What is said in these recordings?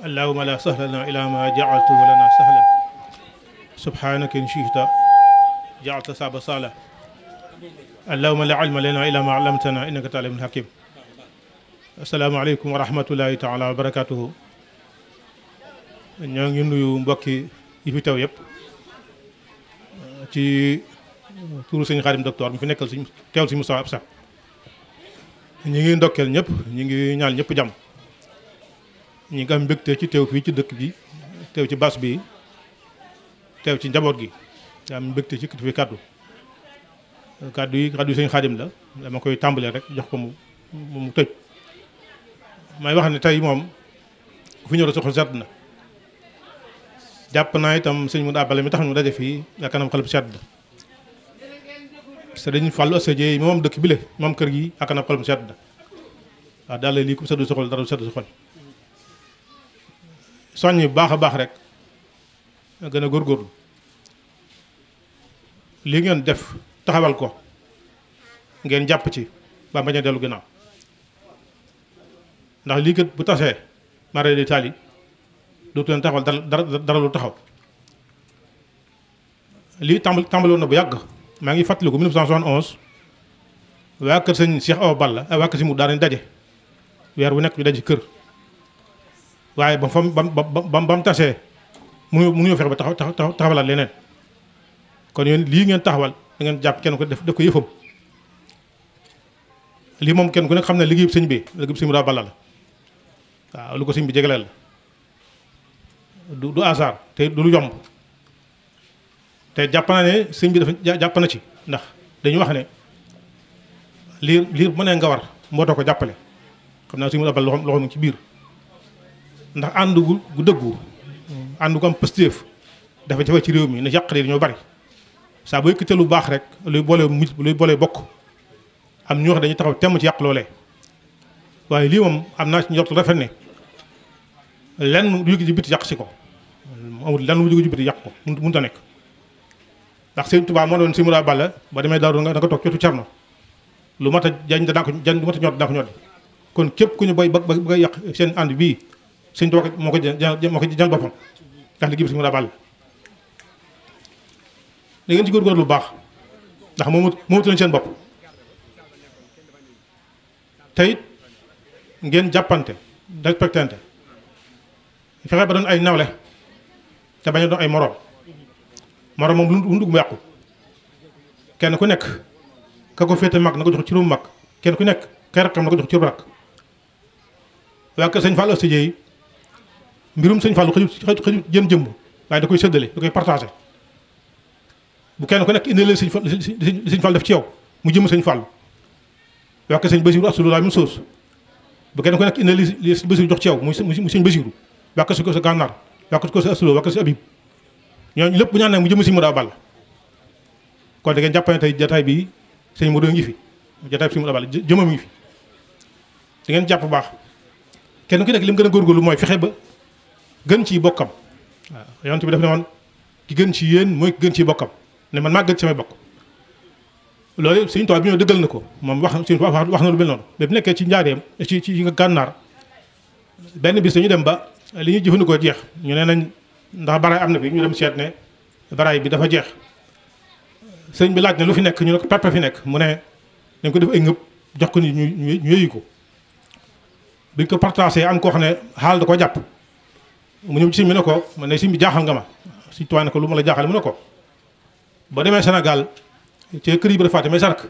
allahuma la sahlana ila ma jaaltuhu lana sahlan subhanaka in shita jaalta saba sala allahuma la ilma lana ila ma allamtana innaka taalimun hakim asalaamaaleykum wa rahmatullahi taala wa barakatuhu ñoo ngi nuyu mbokki yi fi teew yëpp ci turu sëñ Xaadim docteur mu fi nekkal suñ teewal suñ Moustapha Absa ñu ngi ndokkeel ñëpp ñu ngi ñaan ñëpp jàmm ñi nga am mbégte ci teew fii ci dëkk bi teew ci bas bi teew ci njaboot gi nga am mbégte ci kilifa kàddu kàddu yi kàddu yi sëñ Xaadim la dama koy tàmbalee rek jox ko mu mu tëj may wax ne tey moom fu ñëw la soxla sedd na jàpp naa itam sëñ mu dàbbale mi tax ñu daje fii nga kanam xel bu sedd sëriñ Fallou yi moom dëkk bi la moom kër gi ak kanam xel bu sedd na waaw daal lii ko sedd soxla dara du sedd soxla soññ bu baax a baax rek gën a góor góorgóorlu lii ngeen def taxawal ko ngeen jàpp ci ba bañ dellu ginnaaw ndax lii kat bu tasee mara di taali dootu leen taxawal dara dara lu taxaw lii tàmbali tàmbaloon na bu yàgg maa ngi fàttaliku 1971 waa kër sëñ Cheikh Awa Balla ak waa kër si mu daanañ daje weer bu nekk ñu daje kër waaye ba fam bam bam ba mu tasee mënu mënuñoo fexe ba taxaw taxawalaat leneen kon yéen lii ngeen taxawal dangeen jàpp kenn ko def def ko yëfam lii moom kenn ku nekk xam ne liggéeyu sëñ bi liggéeyu sëñ bi daa lu ko sëñ bi jegaleel la du te du lu te jàpp naa ne sëñ bi dafa jàpp na ci ndax dañu wax ne liir liir bu mënee nga war moo tax ko jàppale xam naa sëñ bi daa balla loxoom loxoom ci biir ndax ànd gu gu dëggu mm. ànd gu am pëstéef dafa jafe ci réew mi na yàq dañoo bari saa boo yëkkatee lu baax rek luy boole mujj luy boole bokk am ñu wax dañu taxaw temm ci yàq loolee waaye lii moom am naa ci njort rafet ne lenn lu jóge ci yàq si ko amul lenn lu jóge ci biti yàq ko mënut a nekk. ndax sëñ Tuubaa moo doon Simoura Balla ba demee Daaru nga da nga toog jotu lu mat a jañ danaa ko jañ lu mat a ñor kon képp ku ñu bay ba ba yàq seen ànd bii. suñ too moo ko moo ko jël boppam ndax liggéey bi suñu mën a bàll da ngeen ci góorgóorlu lu baax ndax moom moomutu leen seen bopp te ngeen jàppante respectante fexe ba doon ay nawle te bañ a doon ay moroom moroom moom lu mu dugg mu yàqu kenn ku nekk ka ko féete mag na ko jox ci ruum mag kenn ku nekk kay rakkam na ko jox ci ruum rakk waa kër sëñ Fall Astou Dieye mbirum sëñ Fallou xëju xëju jën jëm waaye da koy séddale da koy partagé bu kenn ku nekk indi leen sëñ Fall li sëñ Fall def ci yow mu jëm sëñ Fallou wax ko sëñ Basiru absolu la même chose bu kenn ku nekk indi li sëñ Basiru jox ci yow mu sëñ Basiru wax ko si ko sa gànnaar wax ko si ko sa absolu wax lépp bu mu jëm sëñ Modou Awa Balla kon da ngeen tey jataay bi sëñ Modou ngi fi jataay bi sëñ Modou Awa Balla jëmam ngi fi da ngeen jàpp baax kenn ku nekk li mu gën mooy fexe ba gën ci bokkam waaw yonent bi daf ne woon ki gën ci yéen mooy gën ci bokkam ne man maa gën ci samay bokk loolu Sëriñ Tuubaa bi ñoo dëggal na ko moom wax Sëriñ Tuubaa wax na lu mel noonu mais bu nekkee ci njaareem ci ci gànnaar benn bi dañu dem ba li jëfandikoo jeex ñu ne nañ ndax baraay am na fi ñu dem seet ne baraay bi dafa jeex sëñ bi laaj ne lu fi nekk ñu ne ko fi nekk mu ne dañ ko def ay ngëb jox ko ni ñu ñu yëyu ko biñ ko partagé am koo xam ne xaal da ko jàpp mu ñëw ci sëñ bi ne ko man ne sëñ bi jaaxal nga ma sëñ Tuubaa ne ko lu ma la jaaxal mu ko ba demee Sénégal ci kër yi ba fàtte mais ak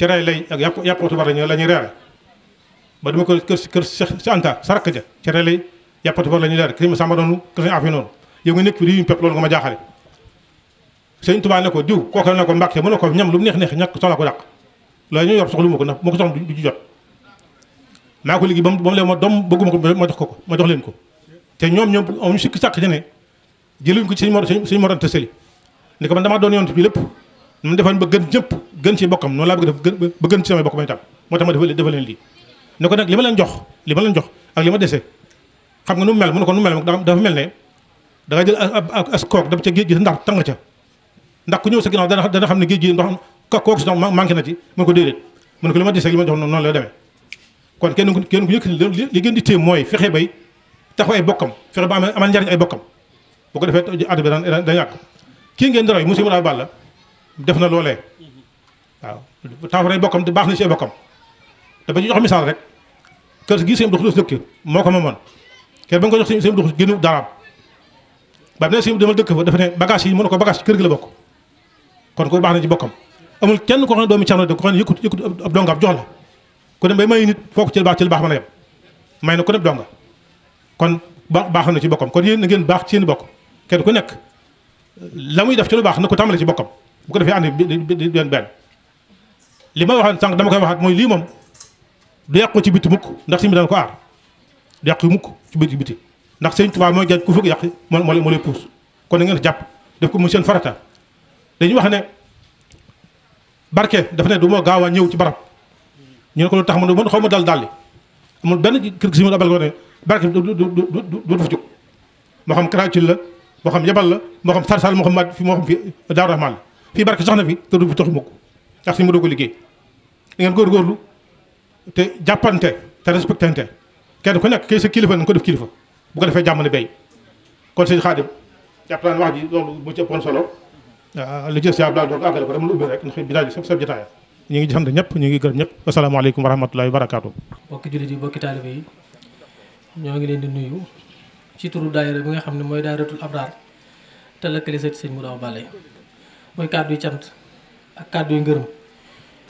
yàpp yàpp tubaar la la ñuy reere ba dama ko kër kër si Anta sark ja cere lay yàpp tubaar la ñuy reere kër ma sàmba noonu kër yow nga nekk fi ma jaaxale sëñ Tuubaa ne ko diw kooku ne ko Mbàkke mu ne ko ñam lu mu neex ñàkk soxla ko dàq loolu ñu yor soxlu ma ko ndax moo ko soxla du ci jot maa ko mu ba ma doom bëgguma ko ma jox ko ko ma jox leen ko te ñoom ñoom amuñu sikki sàkk ci ne jëluñ ko ci suñu moroom te sëli ni ko man damaa doon yonent bi lépp man defoon ba gën ñëpp gën ci bokkam noonu laa bëgg def ba gën ci samay bokk may tam moo tax ma defal defal leen lii ne ko nag li ma leen jox li ma leen jox ak li ma dese xam nga nu mel ne ko nu mel dafa ne da nga jël as kook daf ca géej gi ndax tàng ca ndax ku ñëw sa ginnaaw dana dana xam ne géej gi ndox kook si ndox manqué na ci mu ko déedéet mu ne ko li ma dese li ma jox noonu la demee kon kenn ku kenn ku yëkkati li gën di téye mooy fexe bay taxaw ay bokkam fexe ba amal njariñ ay bokkam boo ko defee àdd bi daan daan yàgg kii ngeen di roy monsieur Mourad Balla def na loolee waaw taxaw ay bokkam baax na ci ay bokkam te ba ñu jox misaal rek kër gi seen dox dox dëkk moo ko moomoon kër ba nga ko jox seen dox génnu daraam ba ne seen demal dëkk fa dafa ne bagage yi mën ne ko bagage ci kër gi la bokk kon ko baax na ci bokkam amul kenn koo xam ne doomi Cerno de ko xam ne yëkkut yëkkut ab dongaam jox la ku dem bay may nit foo ko ci baax ci baax mën a yem may na ko dem donga kon baax baax na ci boppam kon yéen na ngeen baax ci seen bopp kenn ku nekk la muy def ci lu baax na ko tàmbale ci boppam bu ko defee ànd di benn benn li ma waxoon sànq dama koy waxaat mooy lii moom du yàqu ci biti mukk ndax si mi daan ko aar du yàqu mukk ci biti biti ndax sëñ Tuubaa mooy jaaj ku fukk yàq moo moo moo lay puus kon na ngeen jàpp def ko mu seen farata dañuy wax ne barke dafa du ma gaaw a ñëw ci barab ñu ne ko lu tax man xaw ma dal dalli amul benn kër gi si ma abal ko ne barke du du du du dafa jóg moo xam Kara Thiel la moo xam yabal la moo xam Sar Sal moo xam fi moo xam fi Daaru Rahman la fii barke sax na fi te du fi toxi mukk ndax suñu mënoo ko liggéey da ngeen góorgóorlu te jàppante te respectante kenn ku nekk kay sa kilifa nañ ko def kilifa bu ko defee jàmm ne béy kon sëñ Xaadim jàpp naa ne wax ji loolu mu ci ëppoon solo ah, li jël si Abdoulaye doon àggale ko dama lu ubbi rek ndax bi daal di saf saf jotaaya ñu ngi sant ñëpp ñu ngi gërëm ñëpp asalaamaaleykum wa rahmatullahi wa barakaatu. mbokki jullit yi mbokki taalibe yi ñoo ngi leen di nuyu ci turu daayira bi nga xam ne mooy daayiratul abraar te lëkkale sa sëñ Modou Awa Balla mooy kàddu yu cant ak kàddu yu ngërëm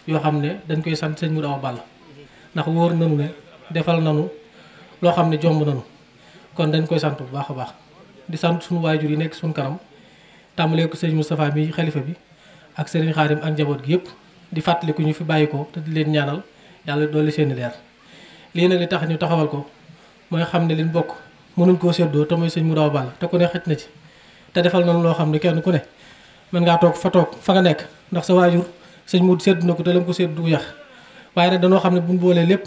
yoo xam ne dañ koy sant sëñ Modou Awa Balla ndax wóor nanu ne defal nanu loo xam ne jomb nanu kon dañ koy sant bu baax a baax di sant suñu waajur yi nekk suñu kanam tàmbalee ko sëñ Moustapha mi xalifa bi ak sëriñ Xaadim ak njaboot gi yëpp di fàttaliku ñu fi bàyyi ko te di leen ñaanal yàlla dolli seeni leer lii nag tax ñu taxawal ko mooy xam ne liñ bokk mënuñ koo seddoo te mooy sëñ mu daw bàll te ku ne xaj na ci te defal na loo xam ne kenn ku ne mën ngaa toog fa toog fa nga nekk ndax sa waajur sëñ mu sédd na ko te lam ko sédd du yàq waaye nag xam ne buñ boolee lépp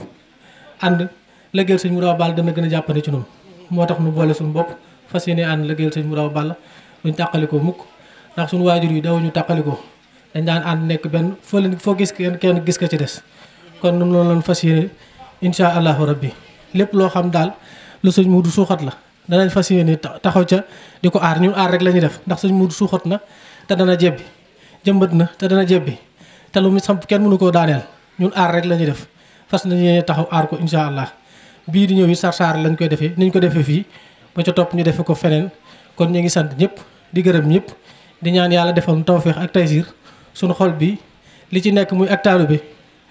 ànd lëggeel sëñ mu daw bàll dana gën a jàppane ci noonu moo tax mu boole suñ bopp fas yéene ànd lëggeel sëñ mu daw bàll duñ tàqalikoo mukk ndax suñu waajur yi dawuñu tàqalikoo dañ daan ànd nekk benn foo leen foo gis kenn gis ka ci des kon nun loolu lañ fas yéene incha allahu rabbi lépp loo xam daal lu sëñ Muudu suuxat la danañ fas yéene taxaw ca di ko aar ñun aar rek la ñuy def ndax sëñ Muudu suuxat na te dana jebbi jëmbat na te dana jebbi te lu mu samp kenn mënu koo daaneel ñun aar rek la ñuy def fas nañ yéene taxaw aar ko incha bii di ñëw yi sar-sar lañ koy defee niñ ko defee fii ba ca topp ñu defe ko feneen kon ñu ngi sant ñëpp di gërëm ñëpp di ñaan yàlla defal tawféex ak taysiir suñu xol bi li ci nekk muy ak taalu bi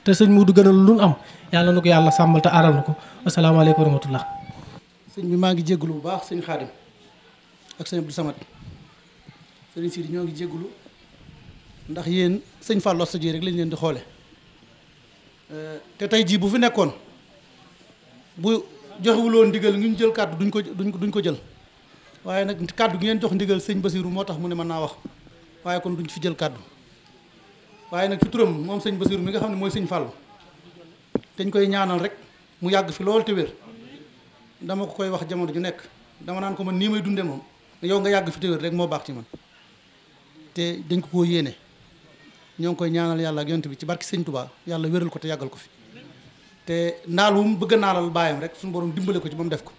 te sëñ Muudu gënal lu am yàlla nu ko yàlla sàmmal te aaral na ko asalaamaaleykum wa rahmatullah sëñ bi maa ngi jégalu bu baax sëñ xaadim ak sëñ samat Samad sëriñ Sidi ñoo ngi jégalu ndax yéen sëñ Fallou sa Dieye rek lañ leen di xoole te tey jii bu fi nekkoon bu joxewuloon ndigal ngi jël kàddu duñ ko duñ ko jël waaye nag kàddu ngeen jox ndigal sëñ Basiru moo tax mu ne man naa wax waaye kon duñ fi jël kàddu waaye nag ci turam moom sëñ Basiru mi nga xam ne mooy sëñ Fallou dañ koy ñaanal rek mu yàgg fi loolu te wér dama ko koy wax jamono ju nekk dama naan ko man nii may dunde moom yow nga yàgg fi te wér rek moo baax ci man te dañ ko koo yéene ñoo ngi koy ñaanal yàlla ak bi ci barki sëñ Touba yàlla wéral ko te yàggal ko fi te naal wu mu bëgg a naalal baayam rek suñu borom dimbale ko ci ba mu def ko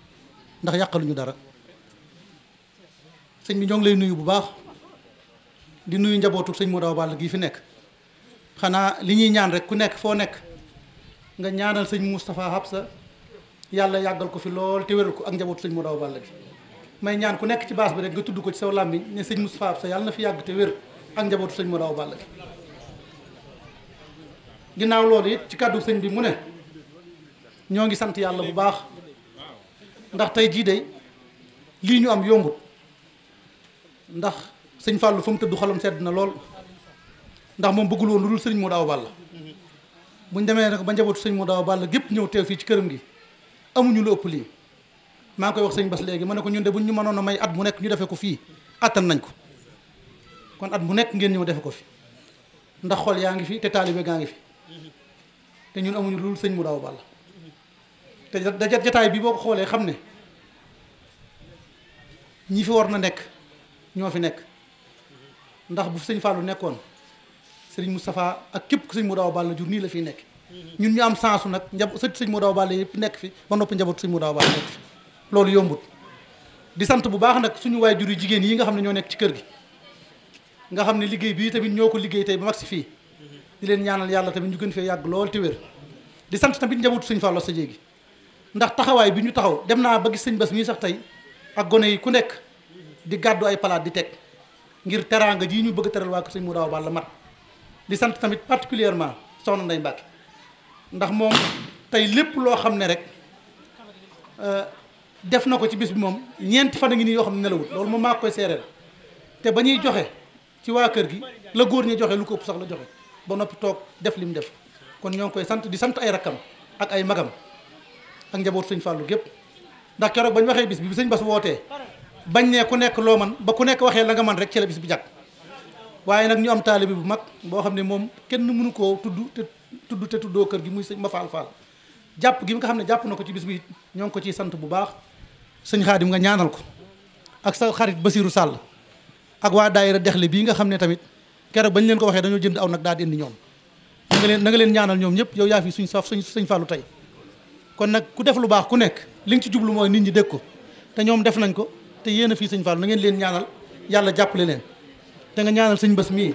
ndax yàqaluñu dara sëñ bi ñoo ngi lay nuyu bu baax di nuyu njabootu sëñ Modou Awa Balla gii fi nekk xanaa li ñuy ñaan rek ku nekk foo nekk nga ñaanal sëñ Moustapha Habsa yàlla yàggal ko fi lool te wéral ko ak njaboot sëñ Modaw Balla bi may ñaan ku nekk ci baas bi rek nga tudd ko ci saw làmmiñ ne sëñ Moustapha Habsa yàlla na fi yàgg te wér ak njabootu sëñ Modaw Balla bi ginnaaw loolu it ci kàddu sëñ bi mu ne ñoo ngi sant yàlla bu baax ndax tey jii dey lii ñu am yombut ndax sëñ Fallou fa mu tëdd xolam sedd na lool ndax moom bëggul woon lu dul mu Modaw Balla buñ demee nag ba njabootu sëñ Modou Awa Balla gépp ñëw teew fii ci këram gi amuñu lu ëpp lii maa ngi koy wax sëñ Bass léegi ma ne ko ñun de buñ ñu mënoon a may at mu nekk ñu defee ko fii àttan nañ ko kon at mu nekk ngeen ñëw defe ko fi ndax xol yaa ngi fi te taalibe gaa ngi fi te ñun amuñu lu sëñ Modou Awa Balla te daja jataay bi boo ko xoolee xam ne ñi fi war na nekk ñoo fi nekk ndax bu sëñ Fallou nekkoon sëriñ Moustapha ak képp ku sëñ Modou Awa Balla jur nii la fiy nekk ñun ñu am sensu nag njab sët sëñ Modou Awa Balla yëpp nekk fi ba noppi njabootu sëñ Modou Awa loolu yombut di sant bu baax nag suñu waay jur jigéen yi nga xam ne ñoo nekk ci kër gi nga xam ne liggéey bii tamit ñoo ko liggéey tey ba mag si fii di leen ñaanal yàlla tamit ñu gën fee yàgg lool te wér di sant tamit njabootu sëñ Fallou sa jéegi ndax taxawaay bi ñu taxaw dem naa ba gis sëñ bas mii sax tey ak gone yi ku nekk di gàddu ay palaat di teg ngir teraanga jii ñu bëgg teral waa sëñ Modou Awa Balla mat di sant tamit particulièrement soxna Ndeye Mbacke ndax moom tey lépp loo xam ne rek euh, def na ko ci bis bi moom ñeenti fan a ngi nii yoo xam ne nelawut loolu moom maa koy seereel te ba ñuy joxe ci waa kër gi la góor ñu joxe lu ko ëpp sax la joxe ba noppi toog def li mu def kon ñoo ngi koy sant di sant ay rakkam ak ay magam ak njaboot sëñ Fallou gépp ndax keroog ñu waxee bis bi bi sëñ Bass wootee ba ne ku nekk loo man ba ku nekk waxee la nga man rek ci la bis waaye nag ñu am taalibe bu mag boo xam ne moom kenn mënu koo tudd te te tuddoo kër gi muy sëñ ma faal faal jàpp gi nga xam ne jàpp na ko ci bis bi ñoo ngi ko ciy sant bu baax sëñ xaadim nga ñaanal ko ak sa xarit Basiiru Sàll ak waa daayira dexle bii nga xam ne tamit keroog bañ leen ko waxee dañoo jënd aw nag daal di indi ñoom na leen na leen ñaanal ñoom ñëpp yow yaa fi suñ saf suñ suñ fàllu tey kon nag ku def lu baax ku nekk li nga ci jublu mooy nit ñi dégg ko te ñoom def nañ ko te yéen fii suñ fàllu na ngeen leen ñaanal yàlla jàppale leen te nga ñaanal sëñ mbës mii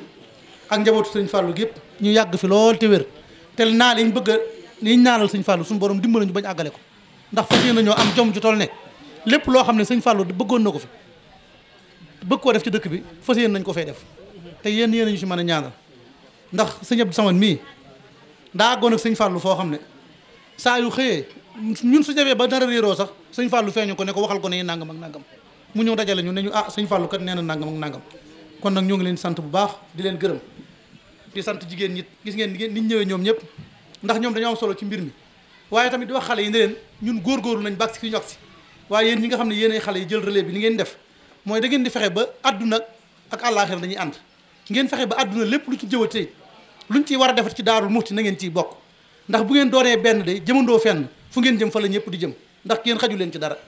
ak njabootu sëñ fàllu gépp ñu yàgg fi lool te wér te naa liñ bëgg a liñ ñaanal sëñ fàllu suñu borom dimbali ñu bañ àggale ko ndax fas nañoo am jom ju toll ne lépp loo xam ne sëñ fàllu bëggoon na ko fi bëgg koo def ci dëkk bi fas yéene nañ ko fay def te yéen yéen ñu si mën a ñaanal ndax sëñ Abdou Samane mii daa àggoon ak sëñ fàllu foo xam ne saa yu xëyee ñun su jafee ba dara réeroo sax sëñ fàllu feeñu ko ne ko waxal ko ne nangam ak nangam mu ñëw dajale ñu ne ñu ah sëñ fàllu kat nee na kon nag ñoo ngi leen sant bu baax di leen gërëm di sant jigéen ñi gis ngeen ni ñu ñëwee ñoom ñëpp ndax ñoom dañoo am solo ci mbir mi waaye tamit di wax xale yi ne leen ñun góorgóorlu nañ bàgg si fi ñu agsi waaye yéen ñi nga xam ne yéen ay xale yi jël relais bi li ngeen def mooy dangeen di fexe ba àdduna ak àllaaxira dañuy ànd ngeen fexe ba àdduna lépp lu ci jëwatee luñ ciy war a defar ci daarul muxti na ngeen ciy bokk ndax bu ngeen doonee benn de jëmandoo fenn fu ngeen jëm fa ñëpp di jëm ndax yéen xaju leen ci dara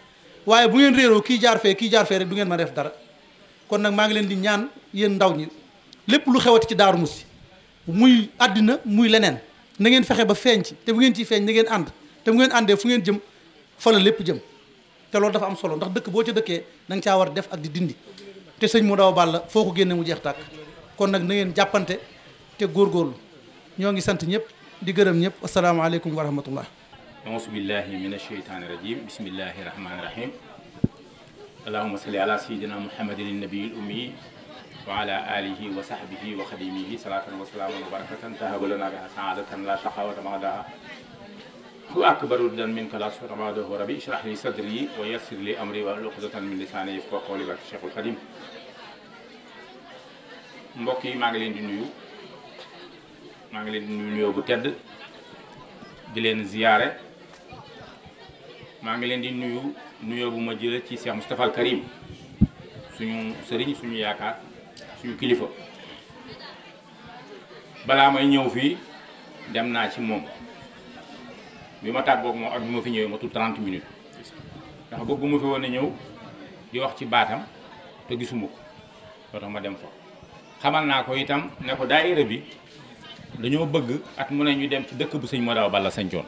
waaye bu ngeen réeroo kii jaar fee kii jaar fee du ngeen ma def dara kon nag maa ngi leen di ñaan yéen ndaw ñi lépp lu xewati ci Daaru si muy àddina muy leneen na ngeen fexe ba feeñ ci te bu ngeen ci feeñ na ngeen ànd te bu ngeen àndee fu ngeen jëm fa lépp jëm te loolu dafa am solo ndax dëkk boo ca dëkkee da nga caa war def ak di dindi te sëñ mu daw Balla foo ko génne mu jeex tàkk kon nag na ngeen jàppante te góorlu ñoo ngi sant ñëpp di gërëm ñëpp asalaamaaleykum wa rahmatullah auzu billahi min asheytaani rajim bismillahi rahmaani rahim allahuma salli ala sayidina muhammadin nabiil ummi wa ala alihi wa sahbihi wa xadimihi salatan wa salaaman wa barakatan tahaba lana biha saadatan la shaqawata ma daha hu akbaru dan min ka la sota ma daha rabbi ishrah li sadri wa yassir li amri wa luqdatan min lisani yafqahu qawli barke cheikhul xadim mbokk yi maa ngi leen di nuyu maa ngi leen di nuyu nuyoo bu tedd di leen ziyaare maa ngi leen di nuyu nuyoo bu ma jëlee ci Cheikh Moustapha Al suñu sëriñ suñu yaakaar suñu kilifa balaa may ñëw fii dem naa ci moom bi ma tàggoog moom ak bi ma fi ñëwee ma tudd 30 minutes ndax bëgguma fi woon a ñëw di wax ci baatam te gisuma ko loo tax ma dem fa xamal naa ko itam ne ko daayira bi dañoo bëgg at mu ne ñu dem ci dëkk bu sëñ Modaw Balla sañcoon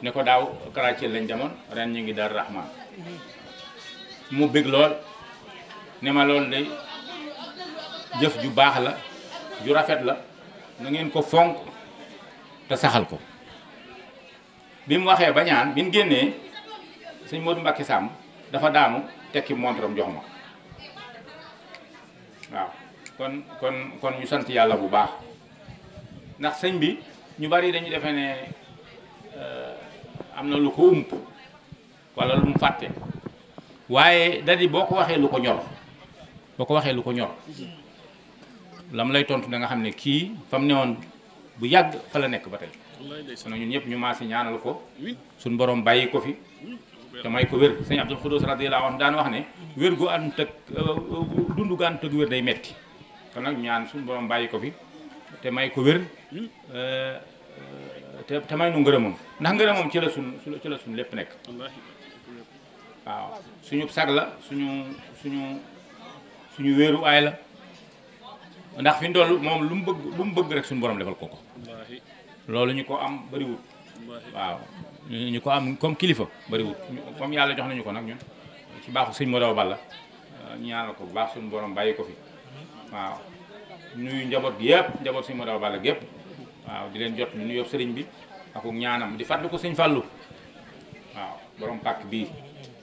ne ko daaw Karaacil lañ demoon ren ñu ngi Daaru Rahman mu bëgg lool ne ma loolu day jëf ju baax la ju rafet la na ngeen ko fonk te saxal ko bi mu waxee ba ñaan bi ñu génnee sëñ Modou Mbacké sàmm dafa daanu tekki montaram jox ma waaw kon kon kon ñu sant yàlla bu baax ndax sëñ bi ñu bari dañu defe ne euh, am na lu ko ump wala lu mu fàtte waaye da boo ko waxee lu ko ñor boo ko waxee ko ñor lay tontu da nga xam ne kii fa mu ne woon bu yàgg fa la nekk ba tey sono ñun ñëpp ñu maase ñaanal ko suñ borom bàyyi ko fi te may ko wér sëñ Abdul wax ne wér gu euh, dund gu ànd day metti kon nag ñaan suñu borom bàyyi ko fi te may ko wér euh, euh, te te ndax ngërëm moom ci su suñ ci la suñ lépp nekk waaw suñu sag la suñu suñu suñu wéeru wéeruwaay la ndax fi ndoll moom lu mu bëgg lu mu bëgg rek suñu borom defal ko ko loolu ñu ko am bëriwut ko am comme kilifa bëriwut comme yàlla jox nañu ko nag ñun ci baaxu sëñ Modou Balla ñu ñaanal ko bu baax suñu borom bàyyi ko fi waaw nuyu njaboot gi yëpp njaboot sëñ Modou Balla gépp waaw di leen jot ñu nuyoo sëriñ bi ak ñaanam di fàttali ko sëñ Fallou waaw borom pàkk bii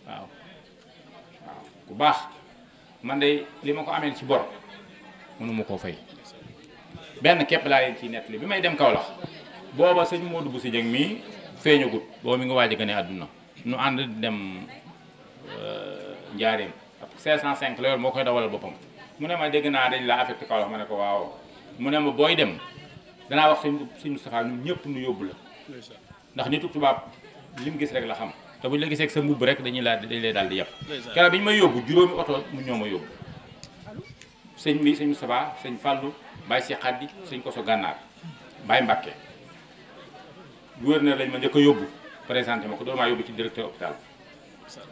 waaw waaw ku baax man de li ma ko amee ci bor mënuma koo fay benn képp laa leen ciy nettali bi may dem Kaolack booba sëñ Modou Bousso mi mii feeñagut booba mi nga waaj a gane àdduna nu ànd dem euh, Njaareem ab 505 la yor moo koy dawalal boppam mu ne ma dégg naa dañ laa affecté Kaolack ma ne ko waaw mu ne ma booy dem danaa wax sëñ sëñ Moustapha ñun ñëpp nu yóbbu la ndax nitu tubaab li mu gis rek la xam te buñ la gisee sa mbubb rek dañuy laaj dañ lay daal di yàpp keroog bi ñu may yóbbu juróomi oto mu ñoo ma yóbbu sëñ bi sëñ sabaa sëñ Fallou Baye Cheikh Khady sëñ Koso Gànnaar mbaay Mbacké gouverneur lañ ma njëkk a yóbbu présenté ma ko doon maa yóbbu ci directeur hôpital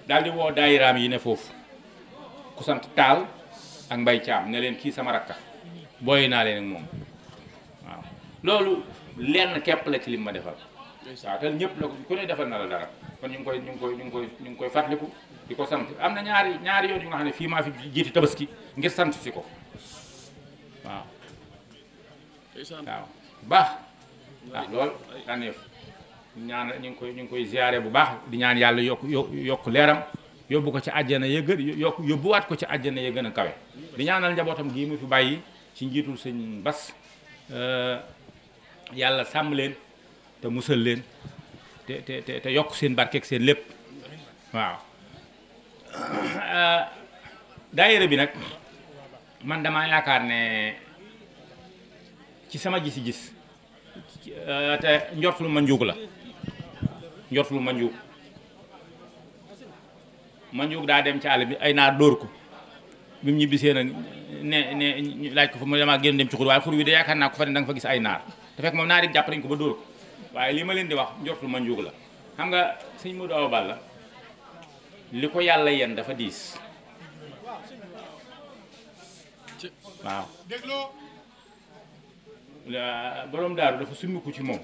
daal di woo daayiraam yi ne foofu ku sant Taal ak Mbay Caam ne leen kii sama rakka booy naa leen ak moom waaw loolu lenn képp la ci lim ma defal waaw te ñëpp la ku na la kon ñu ngi koy ñu ngi koy ñu ngi koy ñu ngi koy fàttaliku di ko sant am na ñaari ñaari yoon yu nga xam ne fii maa fi jiiti tabaski ngir sant si ko waaw waaw baax ah, lool daneef ñaan ñu ngi koy ñu ngi koy ziare bu baax di ñaan yàlla yokk yokk leeram yóbbu ko ci àjjana ya gën yokk yóbbuwaat ko ci àjjana ya gën a kawe di ñaanal njabootam gii mu fi bàyyi ci njiitul sëñ Bas euh, yàlla sàmm leen te musal leen te te te yokk seen barkeeg seen lépp waaw daayira bi nag man damaa yaakaar ne ci sama gis-gis euh, te njortul ma njuug la njortul ma njuug ma njuug daa dem ci bi ay naar dóor ko bi mu ñibbisee nag ne ne laaj ko fa mu damaa génn dem ci xur waaye xur wi de yaakaar naa ko fa ne da fa gis ay naar te fekk moom naa di jàpp nañ ko ba dóor waaye li ma leen di wax njortu ma njuug la xam nga sëñ Modou Awa Balla li ko yàlla yenn dafa diis waaw borom daaru dafa summiku ci moom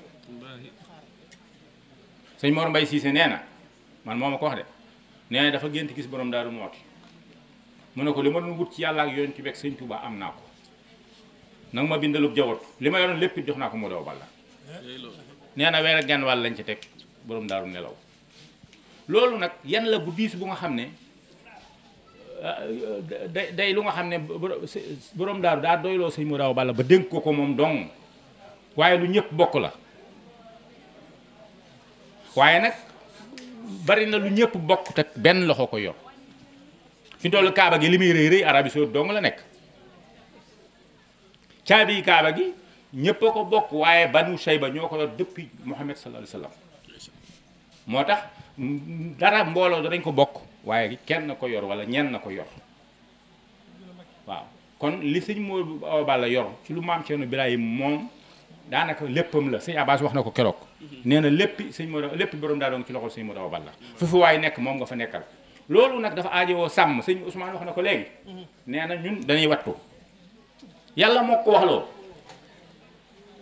sëñ Mor Mbay Siise nee na man moo ma ko wax de nee na dafa gént gis borom daaru mooti mu ne ko li ma doon wut ci yàlla ak yoon ci bekk sëñ Touba am naa ko nanga ma bindalub jawot li ma yoroon lépp jox naa ko mu daw balla nee na weer ak genn lañ ci teg borom daaru nelaw loolu nag yan la bu diis bu nga xam ne ah, ah, day day lu nga xam ne borom daaru daa doyloo sëñ mu daw balla ba dénk ko ko moom dong waaye lu ñëpp bokk la waaye nag bari na lu ñëpp bokk te benn loxo ko yor fi kaaba gi li muy rëy rëy Arabie Saoudite dong la nekk caabi kaaba gi ñëpp a ko bokk waaye banu ba ñoo ko yor depuis Muhammad sallallahu alayhi wasallam moo tax dara mbooloo danañ ko bokk waaye kenn na ko yor wala ñenn na ko yor waaw kon li sëñ Modou Awa Balla yor ci lu maam Cerno Birahim moom daanaka léppam la sëñ Abbas wax na ko keroog nee na léppi sëñ Modou lépp borom daa doon ci loxol sëñ Modou Awa Balla fu fi waaye nekk moom nga fa nekkal loolu nag dafa aajowoo sàmm sëñ Ousmane wax na ko léegi mm-hmm. yàlla moo ko wax loo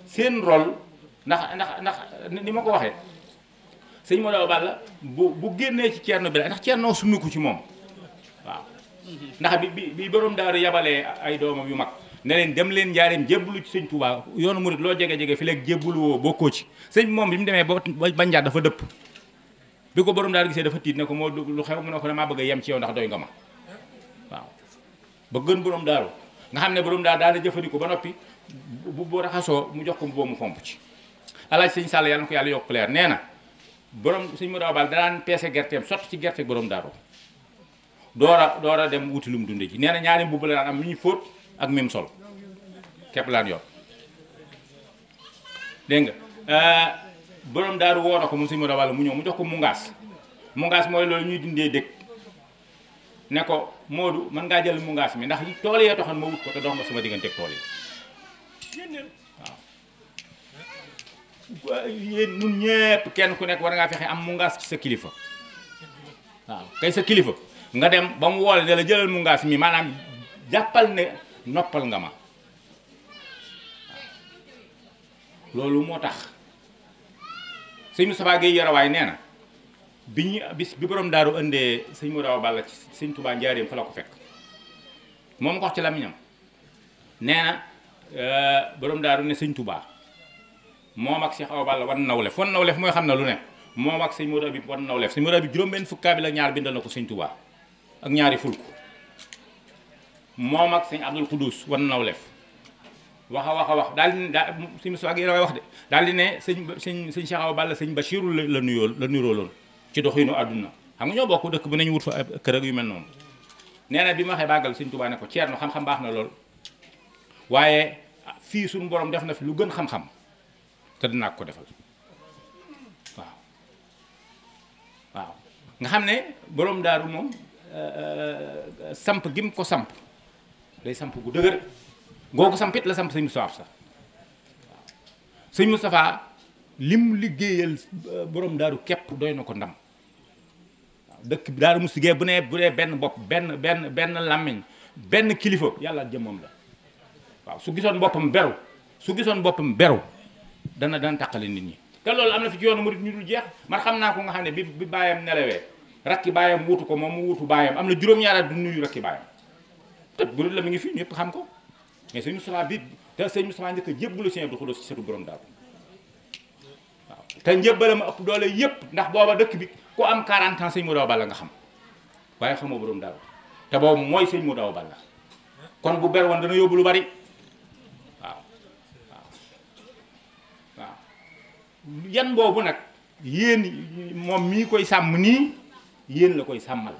seen rol ndax ndax ndax ni ma ko waxee sëñ Modou Awa Balla bu bu génnee ci Thierno bi la ndax Thierno summiku ci moom waaw ndax bi bi borom daaru yabalee ay doomam yu mag ne leen dem leen njaareem jébbalu ci sëñ Touba yoonu murit loo jege-jege fi léegi jébbalu woo bokkoo ci sëñ moom bi mu demee ba ba njaat dafa dëpp bi ko borom daaru gisee dafa tiit ne ko moo lu xew mu ne ko damaa bëgg a yem ci yow ndax doy nga ma waaw gën borom daaru nga xam ne boroom daal daana jëfandiku ba noppi bu bu raxasoo mu jox ko boobu mu fomp ci alaaj sëñ Sall yàlla na ko yàlla yokk leer nee na borom sëñ Modou Awa Balla daan peese gerteem sotti ci gerte boroom daaru doora doora dem wuti lum dunde ji nee na ñaari mbubb la daan am lu ñu fóot ak même sol képp laan yor dégg nga euh, borom daaru woo ko moom sëñ Modou Awa Balla mu ñëw mu jox ko mungaas mungaas mooy loolu ñuy dindee dëkk ne ko Modou mën ngaa jël mu mi ndax tool yee taxoon ma wut ko te dox nga tool yi waaw yéen ñun ñëpp kenn ku nekk war ngaa fexe am mu ci sa kilifa waaw kay sa kilifa nga dem ba mu woole ne la jëlal mungaas ngaas mi maanaam jàppal ne noppal nga ma loolu moo tax sëñ Moustapha Gueye Yarawaay nee na bi ñu bis bi borom daaru indee sañ mu daaw bàlla ci sëñ tubaa njaareem fa la ko fekk moom ko ci làmmiñam nee na euh, borom sëñ tubaa moom ak Cheikh Awa Balla wan nawlef wan mooy xam na lu ne ak sëñ Modou Habib wan nawlef sëñ Modou Habib juróom-benn fukkaa la ko sëñ ak ñaari fulku moom ak sëñ wan nawlef wax a wax a wax daal di ne daa suñu wax de daal di ne sëñ sëñ sëñ Cheikh Awa sañ sëñ Bachirou la la nuyoo la nuroo nuróoloon ci dox yi doxinu àdduna xam nga ñoo bokk dëkk bu nañu wut fa kër ak yu mel noonu nee bi ma waxee bàggal sëñ Tuubaa ne ko Ceerno xam-xam baax na lool waaye fii suñu borom def na fi lu gën xam-xam te dinaa ko defal waaw nga xam ne boroom daaru moom euh, euh, samp gim ko samp day samp gu dëgër googu sampit la samp sëñ Moustapha sax waaw sëñ Moustapha lim liggéeyal euh, borom daaru képp doy na ko ndam dëkk bi daal mu sigee bu nee bu dee benn bopp benn benn benn làmmiñ benn kilifa yàlla jëmmam la waaw su gisoon boppam beru su gisoon boppam beru dana dana taqale nit ñi te loolu am na fi ci yoonu murid ñu dul jeex ma xam naa ko nga xam ne bi bi baayam nelawee rakki baayam wuutu ko moom mu wuutu baayam am na juróom-ñaaraat du nuyu rakki baayam te murid la mi ngi fi ñëpp xam ko mais sëñ Moustapha bi te sëñ Moustapha njëkk a jébbalu sëñ Abdou Khoudoss ci setu te njëbbalam ëpp doole yépp ndax booba dëkk bi ku am 40 ans sëñ mu daw nga xam waaye xamoo borom daal te boobu mooy sëñ mu daw balla kon bu ber dana yóbbu lu bari waaw waaw waaw boobu nag yéen moom mii koy sàmm nii yéen la koy sàmmal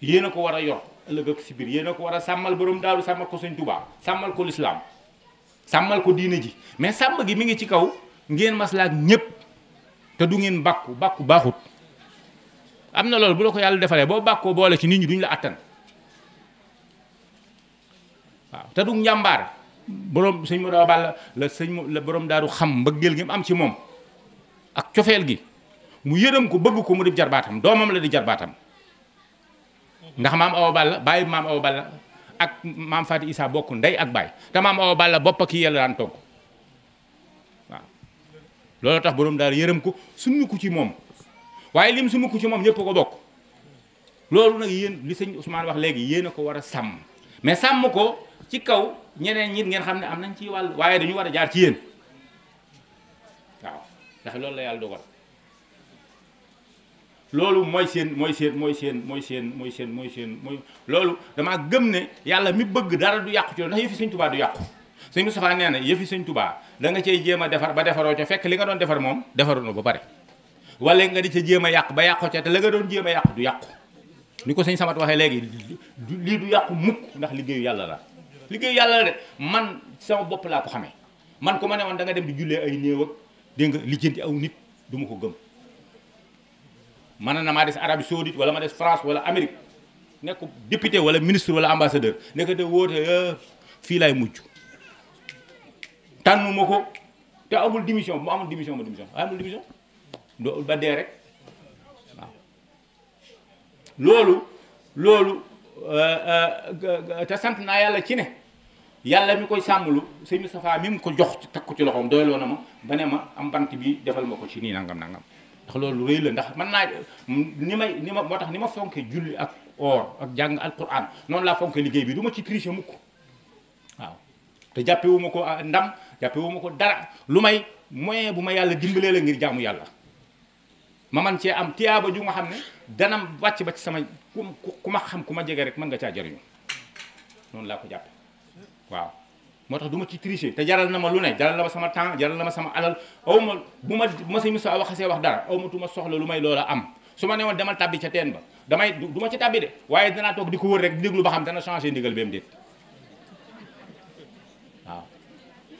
yéen a ko war a yor ëllëg ak si biir yéen a ko war a sàmmal borom daalu sàmmal ko sëñ Tuubaa sàmmal ko lislaam sàmmal ko diine ji mais sàmm gi mi ngi ci kaw ngeen maslaak ñépp te du ngeen bàkku bàkku baaxut am na loolu bu la ko yàlla defalee boo bàkkoo boole ci nit ñi duñ la attan waaw du njàmbaar borom sëñ Modou Awa daaru xam mbëggeel am ci moom ak cofeel gi mu yërëm ko bëgg ko mu di jarbaatam doomam la di jarbaatam ndax maam Awa Balla bàyyi maam Awa Balla ak maam Faati Isaa bokk ndey ak baay te maam Awa Balla bopp ak yàlla daan togg loolu tax borom daal yërëm ko summi ko ci moom waaye lim summi ko ci moom ñëpp ko bokk loolu nag yéen li sëñ Ousmane wax léegi yéen a ko war a sàmm mais sàmm ko ci kaw ñeneen ñit ngeen xam ne am nañ ci wàll waaye dañu war a jaar ci yéen waaw ndax loolu la yàlla dogal loolu mooy seen mooy seen mooy seen mooy seen mooy seen mooy seen mooy loolu damaa gëm ne yàlla mi bëgg dara du yàqu ci loolu ndax yëfi sëñ Tuubaa du yàqu sëñ Moustapha nee na yëfi sëñ Touba da nga cay jéem a defar ba defaroo ca fekk li nga doon defar moom defaruñu ba pare wala nga di ca jéem a yàq ba yàqoo ca te la nga doon jéem a yàq du yàqu ni ko sëñ Samat waxee léegi lii du yàqu mukk ndax liggéeyu yàlla la liggéeyu yàlla la man sama bopp laa ko man ku ma ne woon da nga dem di jullee ay néew ak dégg nga lijjanti aw nit du ma ko gëm mën na maa des Arabie Saoudite wala ma des France wala Amérique nekk député wala ministre wala ambassadeur nekk de wóote fii laay mujj tànnuma ko te amul démission mu amul démission ma démission waaye amul démission doo ba dee rek waaw loolu loolu euh, euh, te sant naa yàlla ci ne yàlla mi koy sàmmlu sëñ Moustapha mi mu ko jox ci takku ci loxoom doyloo ma ba ne ma am bant bi defal ma ko ci nii nangam nangam ndax loolu rëy la ndax man naa ni may ni ma moo tax ni ma fonkee julli ak or ak jàng alquran noonu laa fonkee liggéey bi duma ma ci tricher mukk waaw te jàppewuma ko ah, ndam jàppe ma ko dara lu may moyen bu ma yàlla dimbalee la ngir jàmm yàlla ma man cee am tiyaaba ju nga xam ne dana wàcc ba ci sama ku ma xam ku ma jege rek mën nga caa jëriñu noonu laa ko jàppe waaw moo tax du ma ci tricher te jaral na ma lu ne jaral na ma sama temps jaral na ma sama alal aw ma bu ma bu ma sëñ Moussa wax xasee wax dara aw ma tuma soxla lu may loola am su ma ne woon demal tabbi ca teen ba damay du ma ci tabbi de waaye danaa toog di ko wër rek déglu ba xam dana changé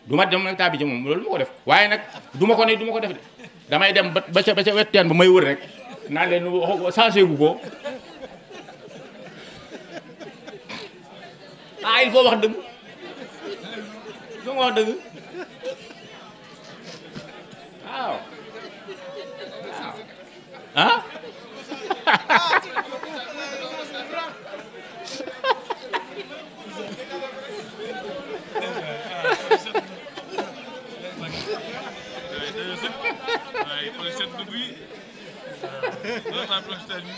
du ma dem nag taabi ci moom loolu ma ko def waaye nag du ma ko ne du ma ko def de damay dem ba ca ba ca wet teen ba may wër rek naan leen changé gu ko ah il faut wax dëgg il faut wax dëgg waaw waaw ah? wala sedd bi loolu tamit waxtaan bi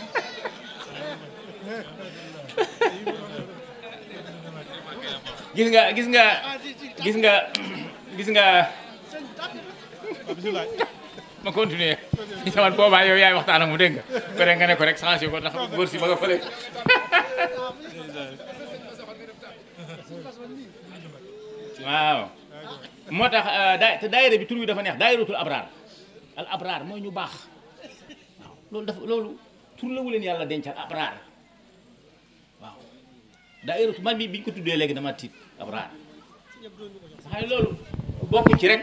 gis nga gis nga gis nga gis nga ma continuer i samat boobaa yow yaay waxtaan ak mu dégg nga ko nga ne ko rek changé ko ndax góor si ba nga fële waaw moo tax euh, daay te daayira bi tur wi dafa neex daayiratul abraar al abraar mooy ñu baax waaw loolu dafa loolu tur yàlla dencal abraar waaw daayira man bi bi ñu ko tuddee léegi dama tiit abraar xay loolu bokk ci rek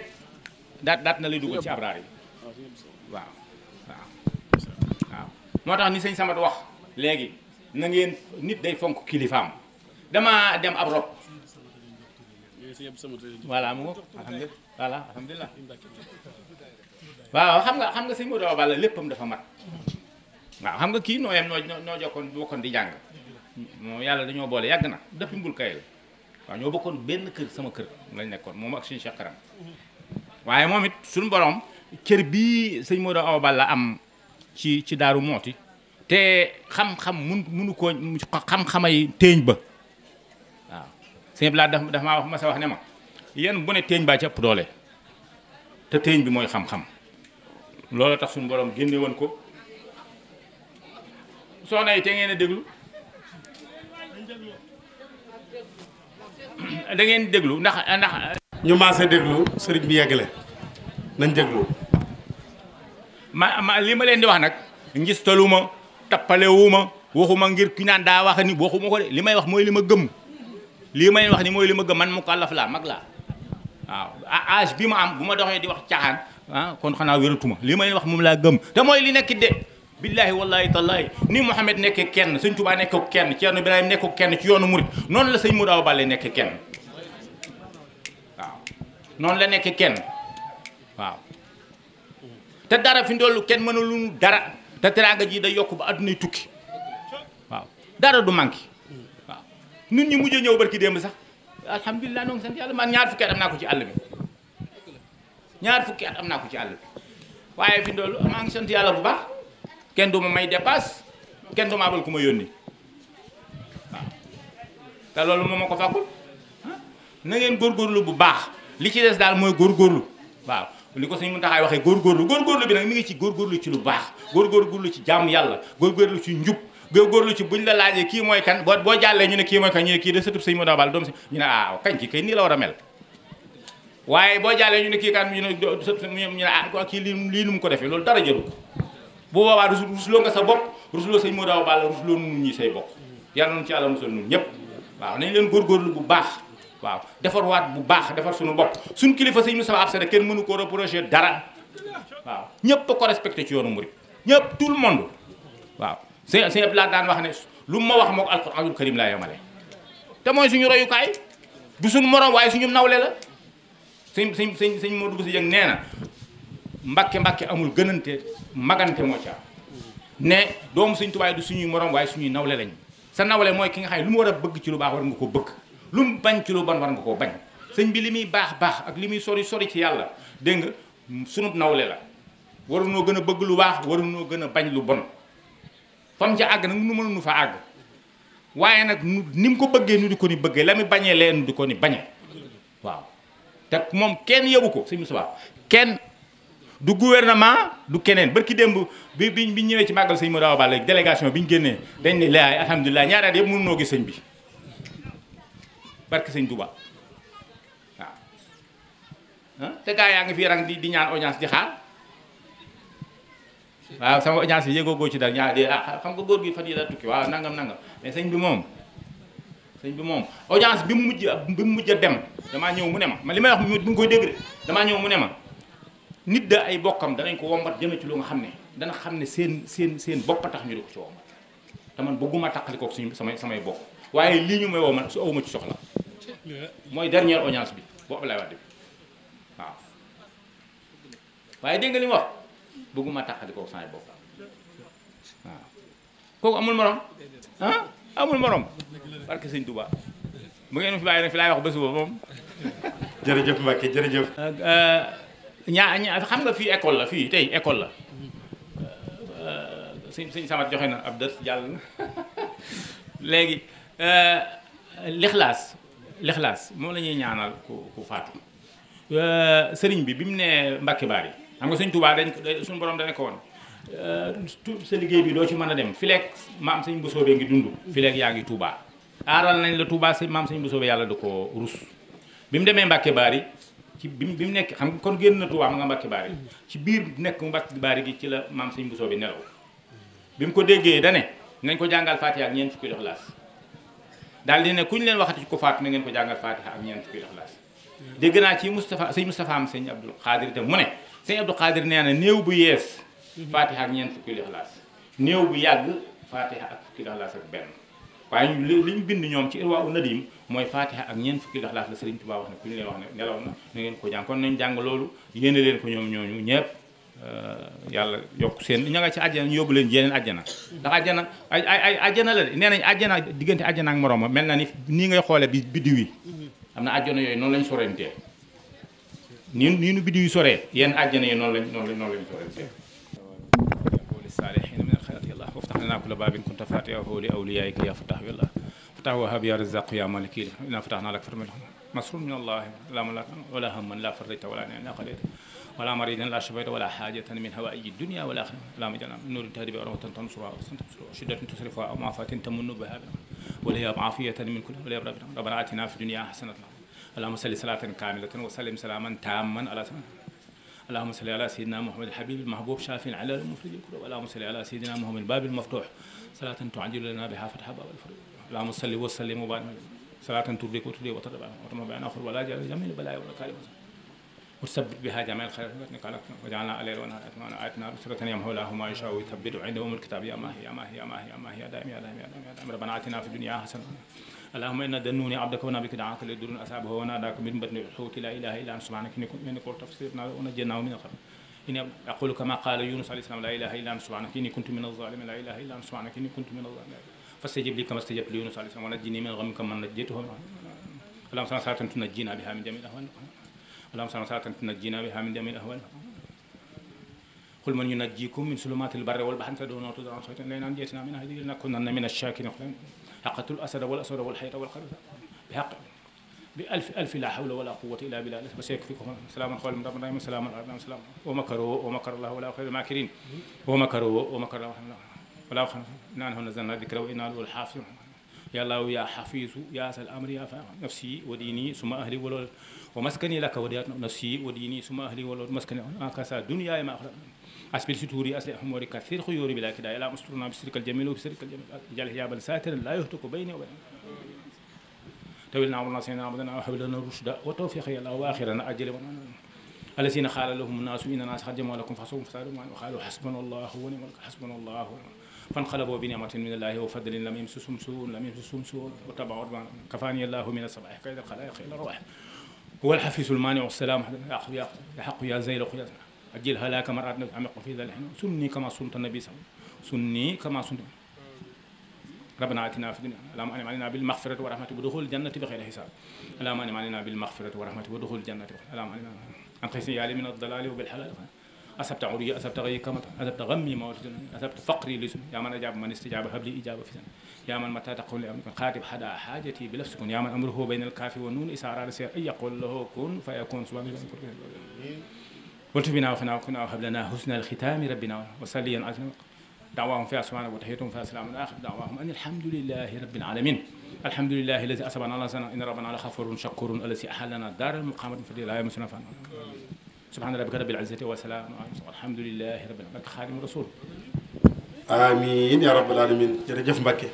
daat daat na lay dugal ci abraar yi waaw waaw moo tax ni sëñ Samat wax léegi na ngeen nit day fonk kilifaam dama dem ab rob mu ngo alhamdulilah alhamdulilah waaw xam nga xam nga sëñ Modou Awa Balla léppam dafa mat waaw xam nga kii nooyam noo noo jokkoon bokkoon di jàng moom yàlla dañoo boole yàgg na depuis mbul kay la waaw ñoo bokkoon benn kër sama kër lañ nekkoon moom ak suñu Cheikh Karam waaye moom it suñ boroom cër bii sëñ Modou Awa Balla am ci ci daaru mooti te xam-xam mun munu koo xam-xamay teeñ ba waaw sëñ Bala dafa maa wax ma sa wax ne ma yenn bu ne teeñ baa ci ëpp doole te teeñ bi mooy xam-xam loolu tax suñu boroom génne woon ko soxna yi te ngeen a déglu dangeen déglu ndax ndax. ñu maase déglu sëriñ bi la nañ déglu. ma ma li ma leen di wax nag ngistaluma tappalewuma waxuma ngir ki naan daa wax ni waxuma ko de li may wax mooy li ma gëm lii may wax ni mooy li ma gëm man mu kàllaf laa mag laa waaw âge bi ma am bu ma doxee di wax caaxaan ah kon xanaa wératuma li may wax moom laa gëm te mooy li nekk de billaahi wallaahi tallaahi ni Mouhamed nekkee kenn sëñ Touba nekkul kenn Thierno Ibrahima nekkul kenn ci yoonu murit noonu la sëñ Modou Awa Balla nekkee kenn la nekkee kenn waaw te dara fi ndollu kenn mëna dara te teraanga ji day yokk ba àdduna addunay tukki waaw dara du manqué waaw nit ñi mujj ñëw barki démb sax alhamdulilah noo ngi sant yàlla man ñaar fukki at am naa ko ci àll bi ñaar fukki at am naa ko ci àll bi waaye fi ndoolu maa ngi sant yàlla bu baax kenn du ma may dépasse kenn du ma abal ku ma yónni waaw te loolu moo ma ko fàkkul na ngeen góorgóorlu bu baax li ci des daal mooy góorgóorlu waaw li ko sëñ Muntaxa waxee góorgóorlu góorgóorlu bi nag mi ngi ci góorgóorlu ci lu baax góorgóorlu ci jàmm yàlla góorgóorlu ci njub góorgóorlu ci buñ la laajee kii mooy kan boo boo jàllee ñu ne kii mooy kan ñu ne kii ah, la war a mel waaye boo jàllee ñu ne kii kan ñu ne ñu ne ah kii lii lii nu mu ko defee loolu dara jëru ko bu boobaa rusloo nga sa bopp rusloo sëñ moo daaw bàll rusloo nun say bokk yàlla nañu ci àlla musal nun ñëpp waaw nañ leen góorgóorlu bu baax waaw defar waat bu baax defar suñu bopp suñ kilifa sëñ Moussa Absa kenn mënu ko reproché dara waaw ñëpp ko respecté ci yoonu murid ñëpp tout le monde waaw sëñ sëñ daan wax ne lu ma wax moo ko alxuraanul karim laa yemale te mooy suñu royukaay du suñu morom waaye suñu nawle la sëñ sëñ sëñ sëñ Modou Bousso Dieng nee na mbakke mbakke amul gënante magante moo ci am ne doomu sëñ Tuubaa du suñuy morom waaye suñuy nawle lañ sa nawle mooy ki nga xam ne lu mu war a bëgg ci lu baax war nga ko bëgg lu mu bañ ci war nga koo bañ sëñ bi li muy baax baax ak li sori sori ci yàlla dégg nga sunu nawle la waruñoo gën a bëgg lu baax waruñoo gën a bañ lu bon fam ca àgg nag nu mënuñu fa àgg waaye nag ni mu ko bëggee nu di ko ni bëggee la mu bañee leen nu di ko ni bañee waaw te moom kenn yóbbu ko sëñ Moustapha kenn du gouvernement du keneen barki démb bi bi bi ñëwee ci màggal sëñ Modou Awa Balla délégation bi ñu génnee dañ ne laay alhamdulilah ñaari at yëpp mënu noo gis sëñ bi barki sañ Touba waaw te gaa yaa ngi fii rang di di ñaan audience di xaar waaw sama audience bi yëgoo goo ci dara ñaar di ah xam nga góor gi fa yi daa tukki waaw nangam nangam mais sëñ bi moom sëñ bi moom audience bi mu mujj bi mu mujj a dem damaa ñëw mu ne ma man li may wax mu ngi koy dégg de damaa ñëw mu ne ma nit da ay bokkam danañ ko wombat jëme ci lu nga xam ne dana xam ne seen seen seen bopp tax ñu di ko ci wombat te man bëgguma taqali kook suñu samay samay bokk waaye lii ñu may woo man su awuma ci soxla mooy dernière audience bi bu Abdoulaye Wade bi waaw wax bëgguma taqali kook samay bokk waaw kooku amul morom ah amul morom barke sëñ Touba bu ngeen fi bàyyi nag fi laay wax ba suba moom. jërëjëf Mbacke jërëjëf. Euh, euh, ñaa ñaa xam nga fii école la fii tey école la euh, sëñ sëñ Samat joxe na ab dës jàll léegi lixlaas lixlaas moom la ñuy ñaanal ku ku faatu. sëriñ bi bi mu nee mbaki Mbacke yi xam nga sëñ Touba dañ ko suñu borom dañ ko woon. Euh, sa liggéey bi doo ci mën a dem fileeg maam sëñ Bosoobee ngi dund fileeg yaa ngi tuubaa aaral nañ la Touba si maam sëñ Bosoobee yàlla da ko rus bi mu demee Mbàkke Baari ci bi bi mu nekk xam kon génn na Touba nga Mbàkke Baari ci biir nekk Mbàkke Baari gi ci la maam sëñ Bosoobee nelaw bi mu ko déggee dane nañ ko jàngal Faatiha ak ñeent fukki Ixlaas daal di ne ku kuñ leen waxati ko faatu na ngeen ko jàngal Faatiha ak ñeent fukki Ixlaas dégg naa ci Moustapha sëñ Moustapha am sëñ Abdou Xaadir te mu ne sëñ nee na bu yees Mhm. faatiha ak ñeent fukki lixlaas néew bu yàgg faatiha ak fukki lixlaas ak benn waaye ñu li ñu bind ñoom ci irwaa u nadim mooy faatiha ak ñeent fukki lixlaas la Sëriñ Tuubaa wax ne ku ñu leen wax ne nelaw na na ngeen ko jàng kon nañ jàng loolu yéene leen ko ñoom ñooñu ñëpp euh, yàlla yokk seen ña nga ci àjjana ñu yóbbu leen yeneen àjjana ndax àjjana ay ay àjjana la de nee nañ àjjana diggante àjjana ak morooma mel na ni nii ngay xoole bi biddiw yi mhm. na àjjana yooyu noonu lañ sorentee nii nii nu biddiw yi yenn àjjana yi noonu lañ noonu lañ noonu أعطنا كل باب كنت فاتحه لأوليائك يا فتاح بالله فتح وهاب يا رزاق يا مالك إنا فتحنا لك فرمل مسرور من الله لا ملاك ولا هم لا فريت ولا نعم لا قليل ولا مريض لا شفيت ولا حاجة من هوائي الدنيا ولا لا مجانا نور تهدي ورحمة تنصرها شدة تصرفها أو معافاة تمن بها ولهي عافية من كل ولا ربنا آتنا في الدنيا حسنة اللهم صل صلاة كاملة وسلم سلاما تاما على سلام allahuma salli ala sayidina muhammad alhabib almahbub shafin ala mufrij alkurub allahuma salli ala sayidina muhammad albab almaftuh salatan tuajilu lana biha fatha bab alfurub allahuma salli wa sallim wa barik salatan turdik wa turdik wa tarda watama bana akhur wala jala jamil balaya wala kari وتثبت بها جميع الخير وجعلنا عليه وانا اتمنى اتنا بسرة يمحو له ما يشاء ويثبت عنده ام الكتاب يا ماهي يا ماهي يا ماهي يا ماهي يا دائم يا دائم يا دائم ربنا اتنا في الدنيا حسنه allahumma inna dannuuni abdaka wa nabika daaka li durun asaabahu wa naadaaka min batni xuuti laa ilaaha illaa anta subhaanaka inni kuntu tafsirnaa wa najjanaa min al-xatar inni aqulu kama qaala yunus alayhi salaam laa ilaaha illaa anta subhaanaka inni kuntu mina az-zaalimiin laa ilaaha illaa anta subhaanaka inni kuntu mina az-zaalimiin fastajib lii kama stajabta li yunus alayhi salaam wa najjinii min al-ghammi kamaa najjayta اللهم صل على سيدنا تنجينا بها من جميع الاهوال اللهم صل على سيدنا تنجينا بها من جميع الاهوال قل من ينجيكم من سلمات البر والبحر تدعون وتدعون صوتا لئن انجيتنا من هذه لنكونن من الشاكرين xaqatul asada wal asada wal xayta wal xarisa bi xaq bi alfi alfi la hawla wala quwata illa billah ba seek fi ko salaaman xool dama dama salaam salaam wa makaro wa makar allah wala xayru makirin wa makaro wa makar allah wala xam naan xam na zanna dikra wa inna al xaafisun yàlla yaa xafiisu yaa sal amri yaa fa nafsi wa diini suma ahli walool wa maskani laka wadiat nafsi wa diini suma ahli walool maskani akasa dunyaaya ma axra asbil situuri asli ahmori kathir khuyuri bila kidaya la masturna bi sirkal jamil wa sirkal jamil jal hijaban satiran la yuhtaku bayni wa bayni tawilna amrna sayna amrna wa hablana rushda wa tawfiqi ya wa akhirana ajli wa الذين قال لهم الناس ان الناس قد جمعوا لكم فاصوموا فسالوا وقالوا حسبنا الله ونعم الوكيل حسبنا الله فانقلبوا بنعمة من الله وفضل لم يمسسهم سوء لم يمسسهم سوء وتبعوا كفاني الله من الصباح كيد الخلائق الى الروح هو الحفيظ المانع والسلام يحق يا زيل يا ajil hala kama raat na amiqu fi dal hin sunni kama sunta nabi sam sunni kama sunta ربنا آتنا في الدنيا اللهم أنعم علينا بالمغفرة ورحمة ودخول الجنة بغير حساب اللهم أنعم علينا بالمغفرة ورحمة ودخول الجنة اللهم أنعم أن تخزني علي من الضلال وبالحلال أسبت عري أسبت غي كما أسبت غمي موت أسبت فقري لسم يا من أجاب من استجاب هب لي إجابة في سنة يا من متى تقول لأمرك خاتب حدا حاجتي بلفظ يا من أمره بين الكاف والنون إسارة سير أن يقول له كن فيكون سبحانه وتعالى وارتبنا وقنا وقنا وهب لنا حسن الختام ربنا وصلي عظيم دعواهم فيها سبحانك وتحيتهم فيها سلام اخر دعواهم ان الحمد لله رب العالمين الحمد لله الذي اصبنا على سنة ان ربنا لغفور شكور الذي احلنا دار المقامه في لا يمسنا فانا سبحان ربك رب العزه وسلام الحمد لله رب العالمين خادم الرسول امين يا رب العالمين جرجف مبكي